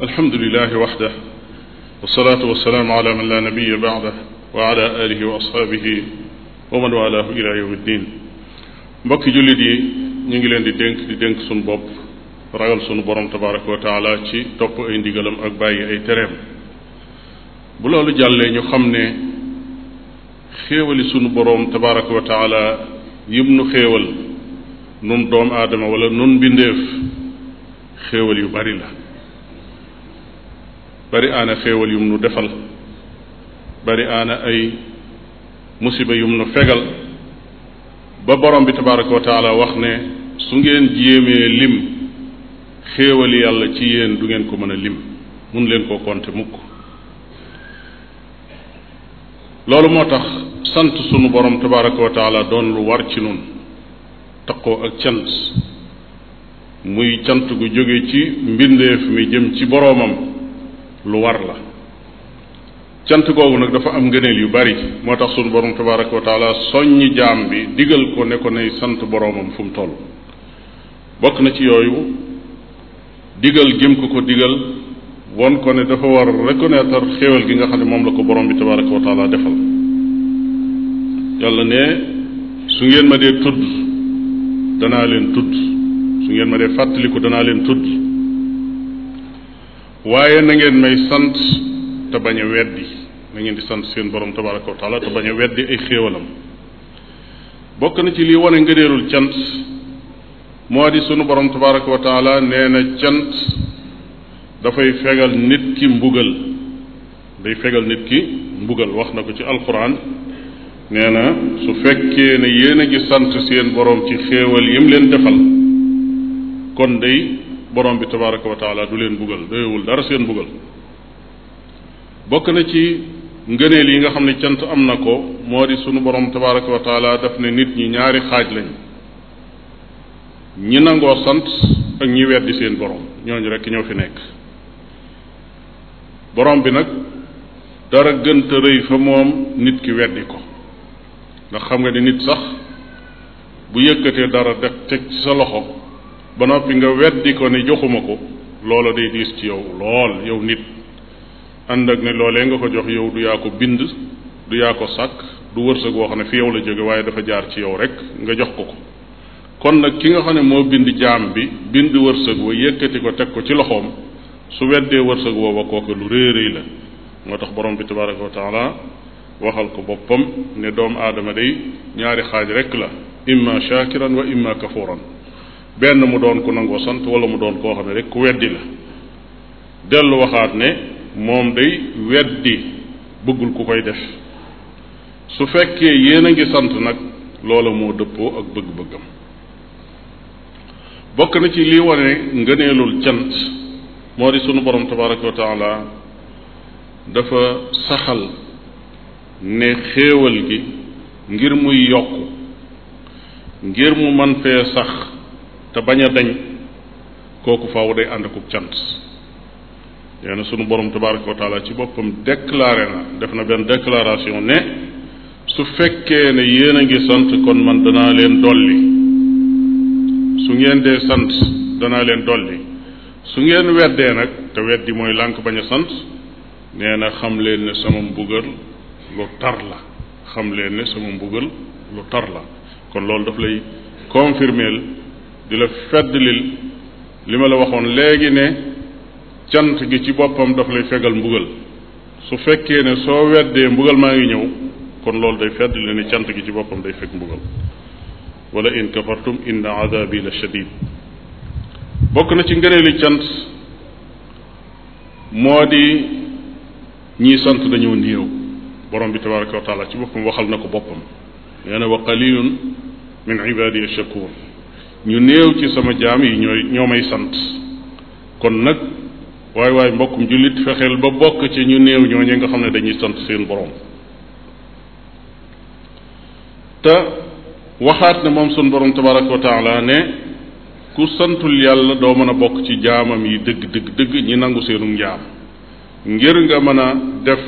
alhamdulilahi waxda wasalaatu wasalaamu ala man laa nabiya baada wa ala alihi wa ashaabihi wa man walaahu ila yawmi ddin mbokki jullit yi ñu ngi leen di dénk di dénk suñu bopp ragal sunu borom tabaraka wa taala ci topp ay ndigalam ak bàyyi ay tereem bu loolu jàllee ñu xam ne xéewali sunu borom tabaraka wa taala yim nu xéewal nun doom aadama wala nun bindeef xéewal yu bari la bari aana xéewal yu nu defal bari aana ay musiba yum nu fegal ba borom bi tabaraka wa taala wax ne su ngeen jéemee lim xéewali yàlla ci yéen du ngeen ko mën a lim mun leen koo konte mukk loolu moo tax sant sunu borom tabaraka wa taala doon lu war ci nun taqoo ak cant muy cant gu jóge ci mbindeef mi jëm ci boroomam lu war la cant googu nag dafa am ngëneel yu bari moo tax sunu borom tabaraka wa taala soññ jaam bi digal ko ne ko nay sant boroomam fu mu toll bokk na ci yooyu digal gim ko ko digal won ko ne dafa war reconnaître xéewal gi nga xam ne moom la ko boroom bi tabaraka wa taala defal yàlla ne su ngeen ma dee tudd danaa leen tudd su ngeen ma dee fàttaliku danaa leen tudd waaye na ngeen may sant te bañ a weddi na ngeen di sant seen borom tabaraka wa taala te bañ a weddi ay xéewalam bokk na ci lii wane ngëneelul cant moo di sunu borom tabaraka wa taala nee na cant dafay fegal nit ki mbugal day fegal nit ki mbugal wax na ko ci alquran nee na su fekkee ne yéen a ngi sant seen borom ci xéewal yim leen defal kon dey borom bi tabaraka wa du leen bugal doyewul dara seen bugal bokk na ci ngëneel yi nga xam ne cant am na ko moo di sunu borom tabaraka wa taala daf ne nit ñi ñaari xaaj lañ ñi nangoo sant ak ñi weddi seen borom ñooñu rekk ñoo fi nekk borom bi nag dara gën te rëy fa moom nit ki weddi ko ndax xam nga ni nit sax bu yëkkatee dara def teg ci sa loxo ba noppi nga weddi ko ne joxuma ko loola day diis ci yow lool yow nit ànd ak ne loolee nga ko jox yow du yaa ko bind du yaa ko sàkk du wërsëg woo xam ne fi yow la jóge waaye dafa jaar ci yow rek nga jox ko ko kon nag ki nga xam ne moo bind jaam bi bind wërsëg wa yëkkati ko teg ko ci loxoom su weddee wërsëg woowa kooku lu rëy rëy la moo tax borom bi tabaraka wa taala waxal ko boppam ne doomu aadama day ñaari xaaj rek la imma shakiran wa imma benn mu doon ku nangoo sant wala mu doon koo xam ne rek ku weddi la dellu ne moom day weddi bëggul ku koy def su fekkee yéen a ngi sant nag loola moo dëppoo ak bëgg-bëggam bokk na ci lii wane ngëneelul cant moo di sunu borom tabaraka wa dafa saxal ne xéewal gi ngir muy yokk ngir mu man fee sax te bañ a dañ kooku faaw day ànd akub cant nee na sunu borom tabaraka wa taala ci boppam déclaré na def na benn declaration ne su fekkee ne yéen a ngi sant kon man danaa leen dolli su ngeen dee sant danaa leen dolli su ngeen weddee nag te weddi mooy lànk bañ a sant nee na xam leen ne sama mbugal lu tar la xam leen ne sama mbugal lu tar la kon loolu daf lay confirmeel di la feddlil li ma la waxoon léegi ne cant gi ci boppam daf lay fegal mbugal su fekkee ne soo weddee mbugal maa ngi ñëw kon loolu day feddli ne cant gi ci boppam day fekk mbugal wala in kafartum inna adabi la shadid bokk na ci ngëneeli cant moo di ñii sant dañoo néew borom bi tabaraka wa taala ci boppam waxal na ko boppam nee na wa qalilun min ibadiya shakur ñu néew ci sama jaam yi ñooy ñoo may sant kon nag waay waay mbokkum jullit fexeel ba bokk ci ñu néew ñooñu nga xam ne dañuy sant seen borom te waxaat ne moom sun borom tabaraka wa taala ne ku santul yàlla doo mën a bokk ci jaamam yi dëgg dëgg dëgg ñi nangu seenum njaam ngir nga mën a def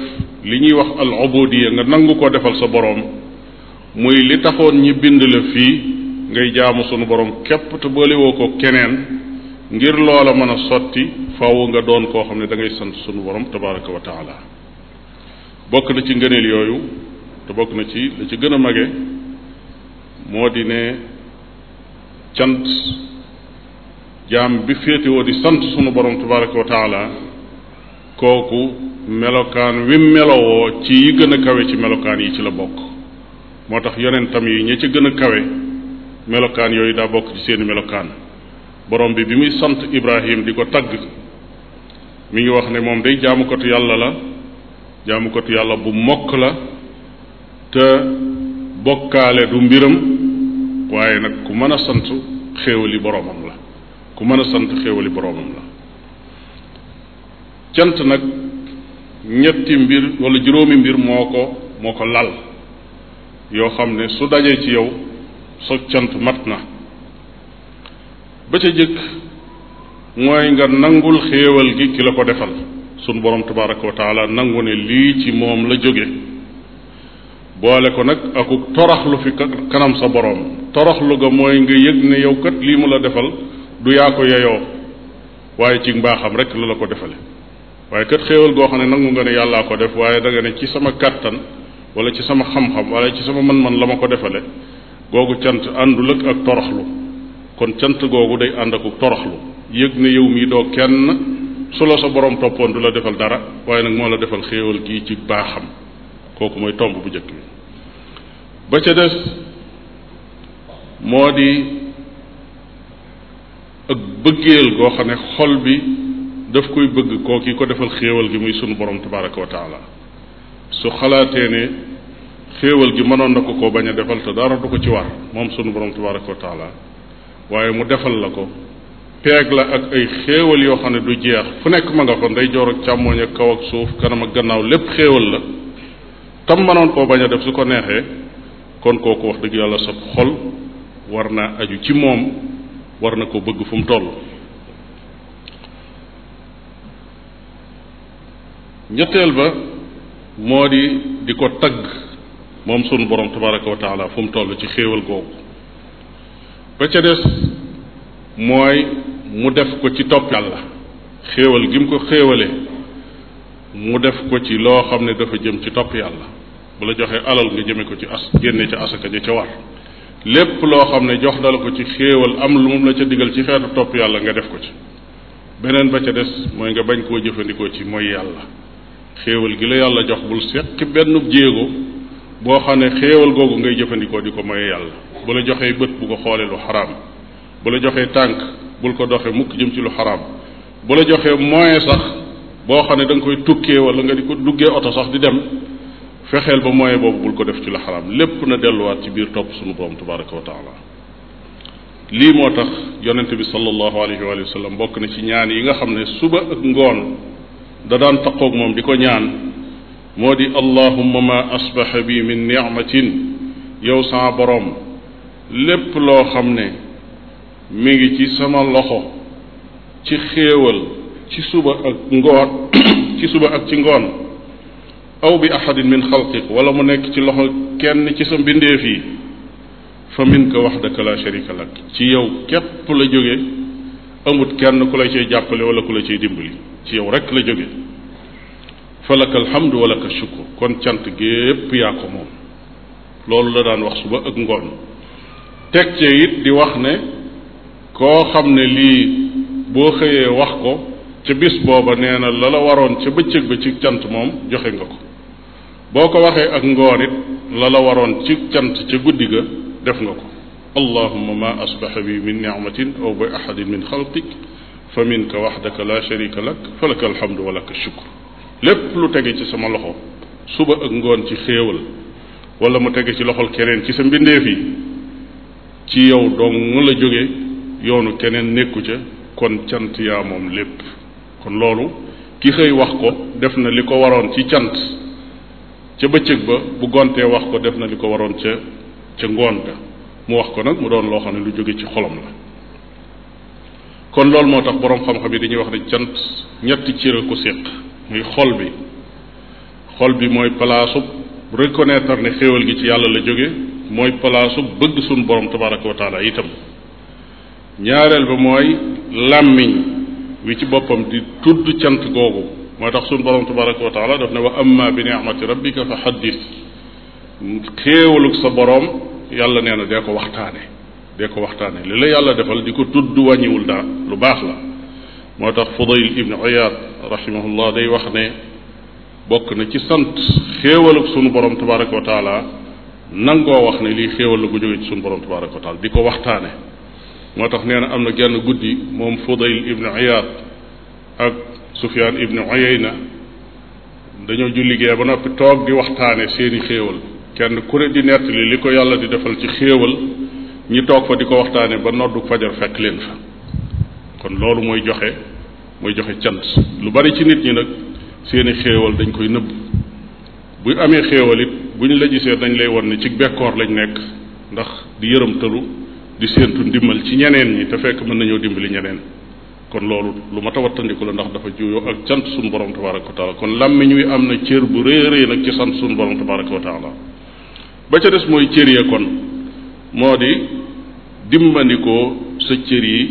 li ñuy wax al ubudiya nga nangu ko defal sa boroom muy li taxoon ñi bind la fii ngay jaamu sunu borom képp te boolewoo ko keneen ngir loola mën a sotti faaw nga doon koo xam ne dangay ngay sant sunu borom tabaraka wa taala bokk na ci ngëneel yooyu te bokk na ci la ci gën a mage moo di ne cant jaam bi féetewoo di sant sunu borom tabaraka wa taala kooku melokaan wi melowoo ci yi gën a kawe ci melokaan yi ci la bokk moo tax yeneen yi ña ci gën a kawe melokaan yooyu daa bokk ci seeni melokaan borom bi bi muy sant Ibrahim di ko tagg mi ngi wax ne moom day jaamukatu yàlla la jaamukatu yàlla bu mokk la te bokkaale du mbiram waaye nag ku mën a sant xéewali boromam la ku mën a sant xéewali boromam cant nag ñetti mbir walla juróomi mbir moo ko moo ko lal yoo xam ne su dajee ci yow sog cant mat na ba ca jëkk mooy nga nangul xéewal gi ki la ko defal sunu borom tabaraka wa taala nangu ne lii ci moom la jóge boole ko nag aku toroxlu fi kanam sa borom toroxlu ga mooy nga yëg ne yow kat lii mu la defal du yaa ko yeyoo waaye ci mbaaxam rek la la ko defale waaye kat xéewal goo xam ne nangu nga ne yàllaa ko def waaye da ne ci sama kàttan wala ci sama xam-xam wala ci sama man man la ma ko defale googu cant àndul ak ak toroxlu kon cant googu day ànd ak toroxlu yëg ne yow mii doo kenn su la sa borom toppoon du la defal dara waaye nag moo la defal xéewal gii ci baaxam kooku mooy tomb bu njëkk bi ba ca des moo di ak bëggeel goo xam ne xol bi daf koy bëgg koo ki ko defal xéewal gi muy sunu borom tabaraka wa su xalaatee ne xéewal gi mënoon na ko ko bañ a defal te dara du ko ci war moom sunu borom tabaraka wa taala waaye mu defal la ko peeg la ak ay xéewal yoo xam ne du jeex fu nekk ma nga fa ndey joor ak càmmooñ ak kaw ak suuf kanam ak gannaaw lépp xéewal la tam mënoon koo bañ a def su ko neexee kon kooku wax dëgg yàlla sa xol war naa aju ci moom war na ko bëgg fu mu toll ñetteel ba moo di di ko tagg moom sunu borom tabaraka wa taala fu mu toll ci xéewal googu ba ca des mooy mu def ko ci topp yàlla xéewal gi mu ko xéewale mu def ko ci loo xam ne dafa jëm ci topp yàlla bu la joxee alal nga jëme ko ci as génne ca asaka ja ca war lépp loo xam ne jox dala ko ci xéewal am lu moom la ca digal ci xeetu topp yàlla nga def ko ci beneen ba ca des mooy nga bañ koo jëfandikoo ci mooy yàlla xéewal gi la yàlla jox bul seq benn jéego boo xam ne xéewal googu ngay jëfandikoo di ko moye yàlla bu la joxee bët bu ko xoolee lu xaraam bu la joxee tànk bul ko doxe mukk jëm ci lu xaraam bu la joxee moyen sax boo xam ne danga koy tukkee wala nga di ko duggee oto sax di dem fexeel ba moyen boobu bul ko def ci lu xaraam lépp na delluwaat ci biir topp sunu boom tabaraka wa taala lii moo tax yonente bi sallallahu alayhi wa sallam bokk na ci ñaan yi nga xam ne suba ak ngoon da daan taqoog moom di ko ñaan moo di allahumma ma asbaxa bi min nicmatin yow saa boroom lépp loo xam ne mi ngi ci sama loxo ci xéewal ci suba ak ngoon ci suba ak ci ngoon aw bi ahadin min xalqik wala mu nekk ci loxo kenn ci sa mbindeef yi fa minka waxdaka la sharika lak ci yow képp la jóge amut kenn ku la cay jàppale wala ku la cay dimbali ci yow rekk la jóge falaka alhamdu walaka shukur kon cant gépp yaa ko moom loolu la daan wax suba ak ngoon teg cee it di wax ne koo xam ne lii boo xëyee wax ko ca bis booba nee na la la waroon ca bëccëg ba ci cant moom joxe nga ko boo ko waxee ak ngoon it la la waroon ci cant ca guddi ga def nga ko allahuma ma asbaxa bi min nicmatin aw bi ahadin min xalqik fa minka waxdaka la sharika lak falaka alhamdu walaka shukur lépp lu tege ci sama loxo suba ak ngoon ci xéewal wala ma tege ci loxol keneen ci sa mbindeef yi ci yow dong mu la jóge yoonu keneen nekku ca kon cant yaa moom lépp kon loolu ki xëy wax ko def na li ko waroon ci cant ca bëccëg ba bu gontee wax ko def na li ko waroon ca ca ngoon ga mu wax ko nag mu doon loo ne lu jóge ci xolam la kon loolu moo tax boroom xam-xam yi dañuy wax ne cant ñetti ci a ko séq muy xol bi xol bi mooy palaasu reconnaître ne xéewal gi ci yàlla la jóge mooy palaasu bëgg suñu borom tabaraka wa itam ñaareel ba mooy làmmiñ wi ci boppam di tudd cant googu moo tax suñu borom tabaraka wa taala daf ne wa amma bi ni'mati rabbika fa xaddis xéewalug sa borom yàlla nee na dee ko waxtaane dee ko waxtaane li la yàlla defal di ko tudd wàññiwul daa lu baax la moo tax fudayl ibn iyaad rahimahullah day wax ne bokk na ci sant xéewalug sunu borom tabaraka wa taala nangoo wax ne lii xéewal la gu jóge ci sunu borom tabaraka wa taala di ko waxtaane moo tax nee na am na genn guddi moom fudayl ibn iyaad ak sufyaan ibn uyayna dañoo julli gee ba noppi toog di waxtaane seeni xéewal kenn ku ne di nettali li ko yàlla di defal ci xéewal ñi toog fa di ko waxtaane ba noddu fajar fekk leen fa kon loolu mooy joxe mooy joxe cant lu bari ci nit ñi nag seeni xéewal dañ koy nëbb bu amee xéewal it buñ la gisee dañ lay won ne ci bekkoor lañu nekk ndax di yërëmtalu di séentu ndimbal ci ñeneen ñi te fekk mën nañoo dimbali ñeneen kon loolu lu ma a wattandiku la ndax dafa juyoo ak cant suñu borom tabaraka wa taala kon làmmiñ wi am na cër bu rëy a nag ci sant suñu borom tabaraka wa taala ba ca des mooy cër yee kon moo di dimbandikoo sa cër yi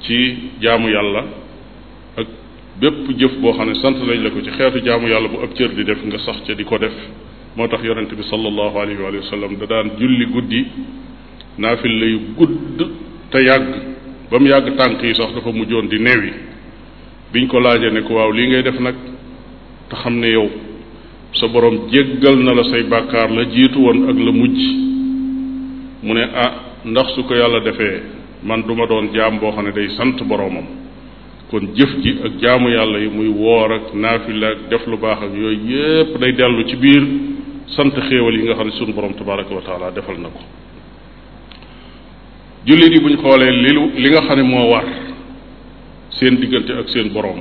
ci jaamu yàlla ak bépp jëf boo xam ne sant lañ la ko ci xeetu jaamu yàlla bu ab cër di def nga sax ca di ko def moo tax yonente bi sallallahu alayhi wa sallam da daan julli guddi naafil lay gudd yàgg ba mu yàgg tànk yi sax dafa mujjoon di neew biñ ko laajee ko waaw lii ngay def nag te xam ne yow sa borom jéggal na la say bàkkaar la jiitu woon ak la mujj mu ne ah ndax su ko yàlla defee man duma doon jaam boo xam ne day sant boroomam kon jëf ji ak jaamu yàlla yi muy woor ak naafila ak def lu baax ak yooyu yépp day dellu ci biir sant xéewal yi nga xam ne sunu borom tabaraka wa taala defal na ko jullit yi buñ xoolee lilu li nga xam ne moo war seen diggante ak seen borom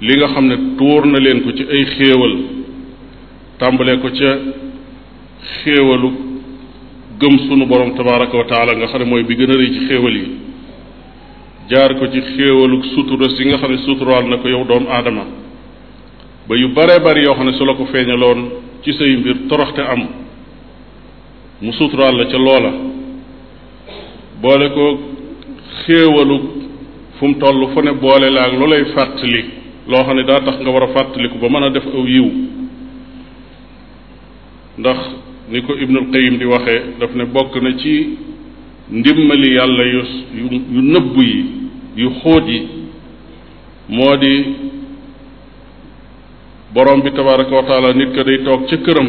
li nga xam ne tuur na leen ko ci ay xéewal tàmbalee ko ca xéewalu gëm sunu borom tabaraka wa nga xam ne mooy bi gën a rëy ci xéewal yi jaar ko ci xéewaluk sutura si nga xam ne suturaal na ko yow doomu aadama ba yu bare bari yoo xam ne su la ko feeñaloon ci say mbir toroxte am mu suturaal la ca loola boole ko xéewaluk fu mu fu ne boole la ak lu lay fàttali loo xam ne daa tax nga war a fàttaliku ba mën a def aw yiw ndax ni ko Ibnul Qayyim di waxee daf ne bokk na ci ndimmali yàlla yu yu nëbb yi yu xóot yi moo di borom bi tabaraka wa nit ka day toog ca këram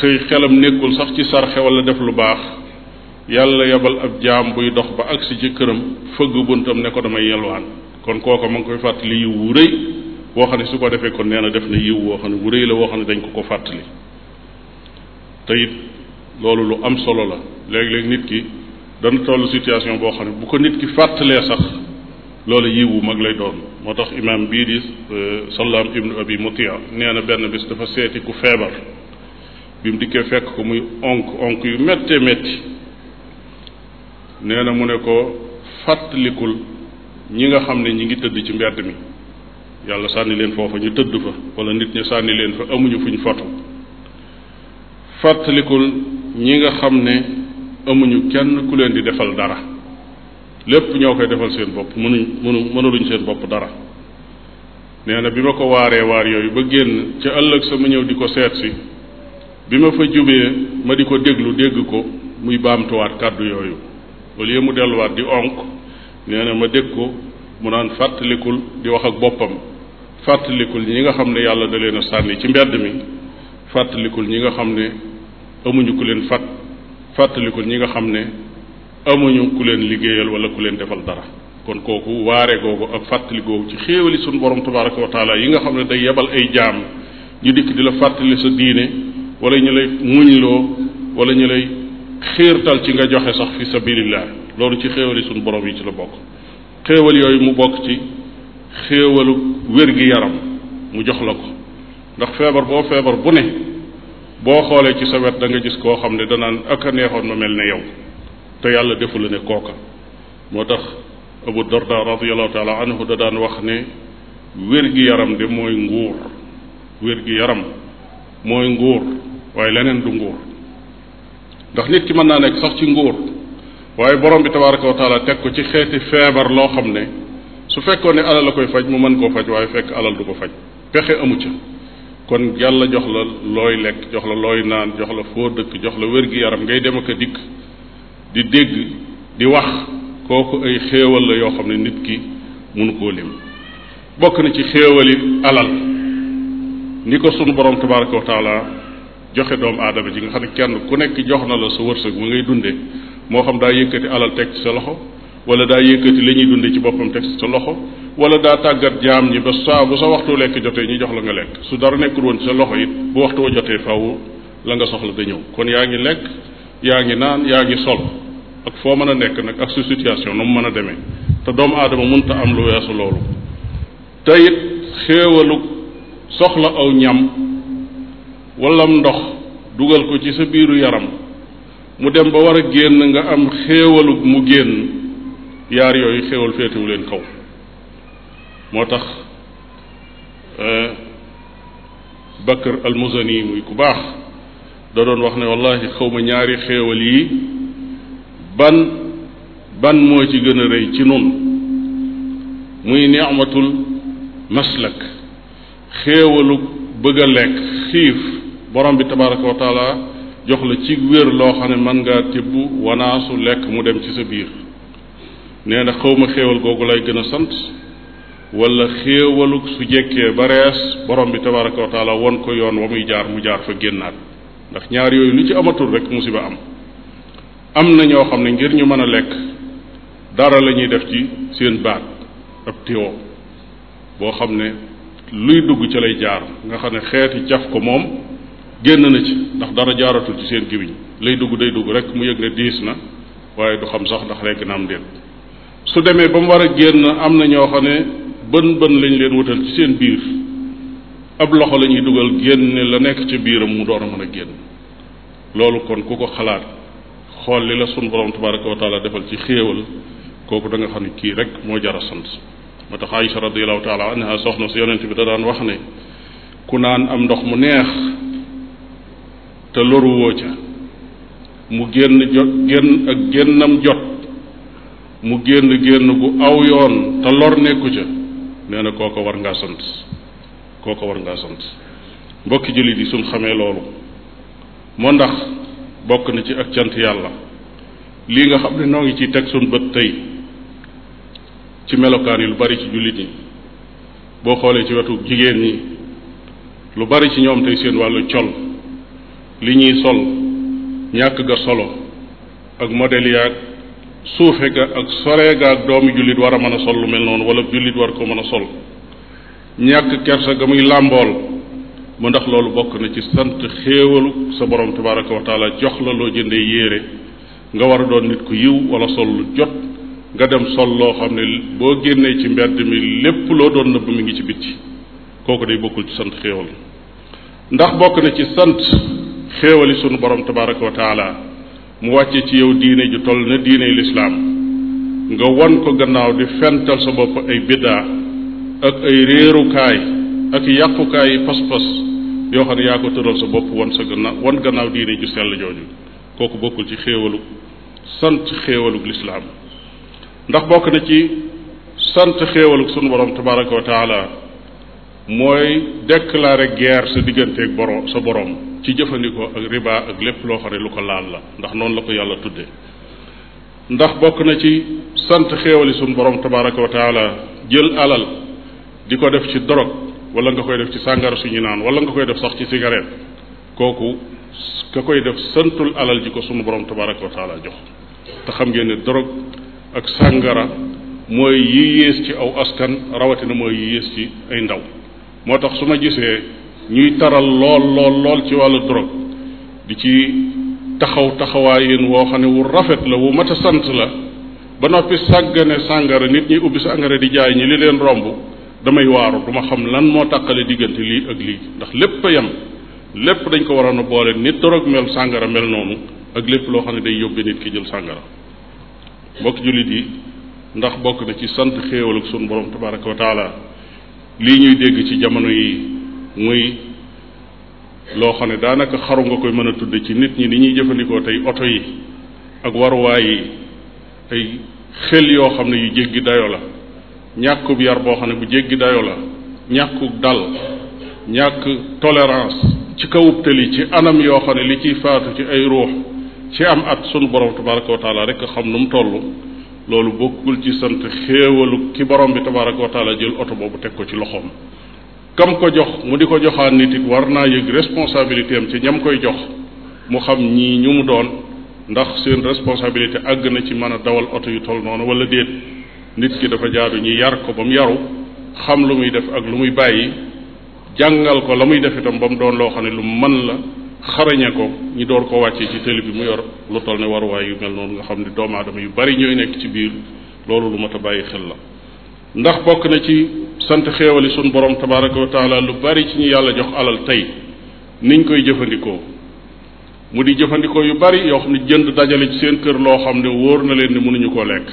xëy xelam nekkul sax ci sarxe wala def lu baax yàlla yabal ab jaam buy dox ba agsi ci këram fëgg buntam ne ko damay yelwaan kon kooka ma ngi koy fàttali yiw wu rëy woo xam ne su ko defee kon nee na def na yiw woo xam ne wu rëy la woo xam ne dañ ko ko fàttali te loolu lu am solo la léeg-léeg nit ki dana toll situation boo xam ne bu ko nit ki fàttalee sax loolu yiwu mag lay doon moo tax imaam bii di euh, salaam ibnu abi mutia nee na benn bis dafa seeti ku feebar bi mu dikkee fekk ko muy onk onk yu méttee metti nee na mu ne ko fàttalikul ñi nga xam ne ñi ngi tëdd ci mbedd mi yàlla sànni leen foofa ñu tëdd fa wala nit ñi sànni leen fa amuñu fuñ fotu fàttalikul ñi nga xam ne amuñu kenn ku leen di defal dara lépp ñoo koy defal seen bopp mënuñ mënu mënuluñ seen bopp dara nee na bi ma ko waaree waar yooyu ba génn ca ëllëg sa ñëw di ko seet bi ma fa jubee ma di ko déglu dégg ko muy baamtuwaat kàddu yooyu au lieu mu delluwaat di onk nee na ma dégg ko mu naan fàttalikul di wax ak boppam fàttalikul ñi nga xam ne yàlla da leen a sànni ci mbedd mi fàttalikul ñi nga xam ne amuñu ku leen fàtt fàttaliku ñi nga xam ne amuñu ku leen liggéeyal wala ku leen defal dara kon kooku waare googu ak fàttali googu ci xéewali suñu borom tabaraka wa taala yi nga xam ne day yebal ay jaam ñu dikk di la fàttali sa diine wala ñu lay muñloo wala ñu lay xiirtal ci nga joxe sax fi sabilillah loolu ci xéewali suñu borom yi ci la bokk xéewal yooyu mu bokk ci xéewalu wér-gi-yaram mu jox la ko ndax feebar boo feebar bu ne boo xoolee ci sa wet da gis koo xam ne danaan ak a neexoon ma mel ne yow te yàlla defu la ne kooka moo tax abu darda radiallahu taala anhu da daan wax ne wér gi yaram de mooy nguur wér gi yaram mooy nguur waaye leneen du nguur ndax nit ki mën naa nekk sax ci nguur waaye borom bi tabaraka wa taala teg ko ci xeeti feebar loo xam ne su fekkoon ne alal la koy faj mu mën koo faj waaye fekk alal du ko faj pexe amu ca kon yàlla jox la looy lekk jox la looy naan jox la foo dëkk jox la wér gi yaram ngay dem ak dikk di dégg di wax kooku ay xéewal la yoo xam ne nit ki mënu koo lim bokk na ci xéewali alal ni ko sunu borom tabaraka wa taala joxe doomu aadama ji nga xam ne kenn ku nekk jox na la sa wërsëg mu ngay dunde moo xam daa yëkkati alal teg ci sa loxo wala daa yëkkati li ñuy dunde ci boppam teg sa loxo wala daa tàggat jaam ñi ba saa bu sa waxtu lekk jotee ñu jox la nga lekk su dara nekkul woon ci sa loxo it bu waxtu wa jotee faaw la nga soxla da ñëw kon yaa ngi lekk yaa ngi naan yaa ngi sol ak foo mën a nekk nag ak sa situation nu mu mën a demee te doomu aadama mun mënta am lu weesu loolu te it xéewalu soxla aw ñam wala ndox dugal ko ci sa biiru yaram mu dem ba war a génn nga am xéewalu mu génn yaar yooyu xéewal féetewu leen kaw moo tax euh, Bakr al-Muzani muy ku baax da doon wax ne wallahi xawma ñaari xéewal yi ban ban moo ci gën a rëy ci nun muy ni'matul maslak xéewalu bëgg a lekk xiif borom bi tabaraka wa jox la ci wér loo xam ne man ngaa tibb wanaasu lekk mu dem ci sa biir nee na xaw ma xéewal googu lay gën a sant wala xéewalu su jekkee ba rees borom bi tabaraka wa taala won ko yoon wa muy jaar mu jaar fa génnaat ndax ñaar yooyu lu ci amatul rek musiba am am na ñoo xam ne ngir ñu mën a lekk dara la ñuy def ci seen baat ab tiwo boo xam ne luy dugg ci lay jaar nga xam ne xeeti caf ko moom génn na ci ndax dara jaaratul ci seen gibiñ lay dugg day dugg rek mu yëg ne diis na waaye du xam sax ndax lekk na am déet su demee ba mu war a génn am na ñoo xam ne bën bën lañ leen wutal ci seen biir ab loxo lañuy ñuy dugal génne la nekk ci biiram mu door a mën a génn loolu kon ku ko xalaat xool li la sun borom tabaraka wa taala defal ci xéewal kooku da nga xam ne kii rek moo jar a sant moo tax Aïcha radiallahu taala anha bi da daan wax ne ku naan am ndox mu neex te loruwoo ca mu génn jot génn ak génnam jot mu génn génn bu aw yoon te lor nekku ca nee na ko war ngaa sant kooko war ngaa sant mbokki jullit yi suñ xamee loolu moo ndax bokk na ci ak cant yàlla lii nga xam ne noo ngi ciy teg suñ bët tey ci melokaan yi lu bari ci jullit yi boo xoolee ci wetu jigéen ñi lu bari ci ñoom tey seen wàllu col li ñuy sol ñàkk ga solo ak modèle yaag suufe ga ak soree ga ak doomi jullit war a mën a sol lu mel noonu wala jullit war ko mën a sol ñàkk kersa ga muy làmbool mu ndax loolu bokk na ci sant xéewalu sa borom tabaraka wa taala jox la jëndee yére nga war a doon nit ku yiw wala sol jot nga dem sol loo xam ne boo génnee ci mbedd lépp loo doon mi ngi ci bitti kooku day bokkul ci sant xéewal ndax bokk na ci sant xéewali sunu borom tabaraka wa mu wàcce ci yow diine ju toll na diiney lislaam nga won ko gannaaw di fental sa bopp ay biddaa ak ay réerukaay ak yàqukaay yi pas-pas yoo xam ne yaa ko tëral sa bopp won sa gannaaw won gannaaw diine ju sell jooju kooku bokkul ci xéewalug sant xéewalug lislaam ndax bokk na ci sant xéewalug sunu borom tabaraka wa taala mooy déclarer guerre sa diggante digganteeg borom sa borom ci jëfandikoo ak riba ak lépp loo xam ne lu ko laal la ndax noonu la ko yàlla tudde ndax bokk na ci sant xéewali suñu borom tabaraka wa jël alal di ko def ci dorog wala nga koy def ci sàngara suñu naan wala nga koy def sax ci cigarette kooku ka koy def santul alal ji ko sunu borom tabaraka wa taala jox te xam ngeen ne dorog ak sàngara mooy yi ci aw askan rawatina mooy yi yées ci ay ndaw moo tax su ma gisee ñuy taral lool lool lool ci wàllu drogue di ci taxaw taxawaayin woo xam ne wu rafet la wu mat a sant la ba noppi sàggane sàngara nit ñi ubbi sàngara di jaay ñi li leen romb damay waaru duma xam lan moo tàqale diggante lii ak lii ndax lépp a yem lépp dañ ko waroon a boole nit drogue mel sàngara mel noonu ak lépp loo xam ne day yóbbe nit ki jël sàngara mbokk jullit yi ndax bokk na ci sant xéewal ak sunu borom tabaraka wa taala lii ñuy dégg ci jamono yii muy loo xam ne daanaka xaru nga koy mën a tudd ci nit ñi ni ñuy jëfandikoo tey oto yi ak waruwaay yi ay xel yoo xam ne yu jéggi dayoo la ñàkku yar boo xam ne bu jéggi dayoo la ñàkkub dal ñàkk tolérance ci kawub tali ci anam yoo xam ne li ciy faatu ci ay ruux ci am at sunu borom tabaraka wa taala rek xam nu mu toll loolu bokkul ci sant xéewalu ki borom bi tabaraka wa taala jël oto boobu teg ko ci loxoom kam ko jox mu di ko joxaat nit it war naa yëg responsabilité am ci ñam koy jox mu xam ñii ñu mu doon ndax seen responsabilité àgg na ci mën a dawal oto yu toll noonu wala déet nit ki dafa jaadu ñi yar ko ba mu yaru xam lu muy def ak lu muy bàyyi jàngal ko la muy def itam ba mu doon loo xam ne lu man la xarañe ko ñi door ko wàccee ci tëli bi mu yor lu toll ne waruwaay yu mel noonu nga xam ne doomu aadama yu bari ñooy nekk ci biir loolu lu mat a bàyyi xel la ndax bokk na ci sant xéewali sunu borom tabaraka wa taala lu bari ci ñu yàlla jox alal tey niñ koy jëfandikoo mu di jëfandikoo yu bari yoo xam ne jënd dajale ci seen kër loo xam ne wóor na leen ni mënuñu koo lekk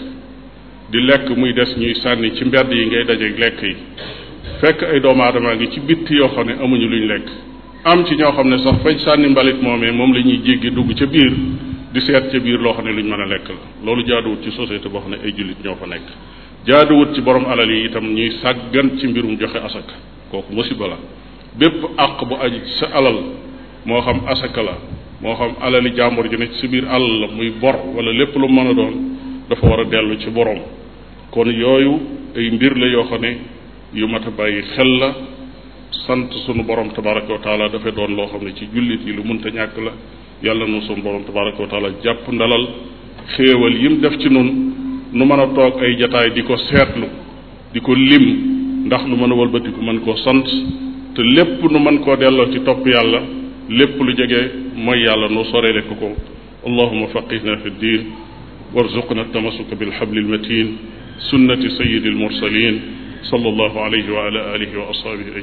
di lekk muy des ñuy sànni ci mbedd yi ngay daje lekk yi fekk ay doomu aadama ngi ci bitt yoo xam ne amuñu luñ lekk am ci ñoo xam ne sax fañ sànni mbalit moomee moom la ñuy jéggi dugg ca biir di seet ca biir loo xam ne luñ mën a lekk la loolu jaaduwut ci société boo xam ne ay jullit ñoo fa nekk jaaduwut ci borom alal yi itam ñuy sàggan ci mbirum joxe asaka kooku musiba la bépp àq bu aju sa alal moo xam asaka la moo xam alali jàmbur ju ne ci biir alal la muy bor wala lépp lu mën a doon dafa war a dellu ci borom kon yooyu ay mbir la yoo xam ne yu mat a bàyyi xel sant sunu borom tabaraka wa taala dafay doon loo xam ne ci jullit yi lu mun mënta ñàkk la yàlla na sunu borom tabaraka wa taala jàpp ndalal xéewal yim def ci nun nu mën a toog ay jataay di ko seetlu di ko lim ndax nu mën a walbatiku mën koo sant te lépp nu mën koo delloo ci topp yàlla lépp lu jege mooy yàlla nu soree lekk ko allahuma faqihna fi ddin warzuqna tamasuka bilhabli almatin sunnati sayidi almursalin sallallahu alayhi wa ala alihi wa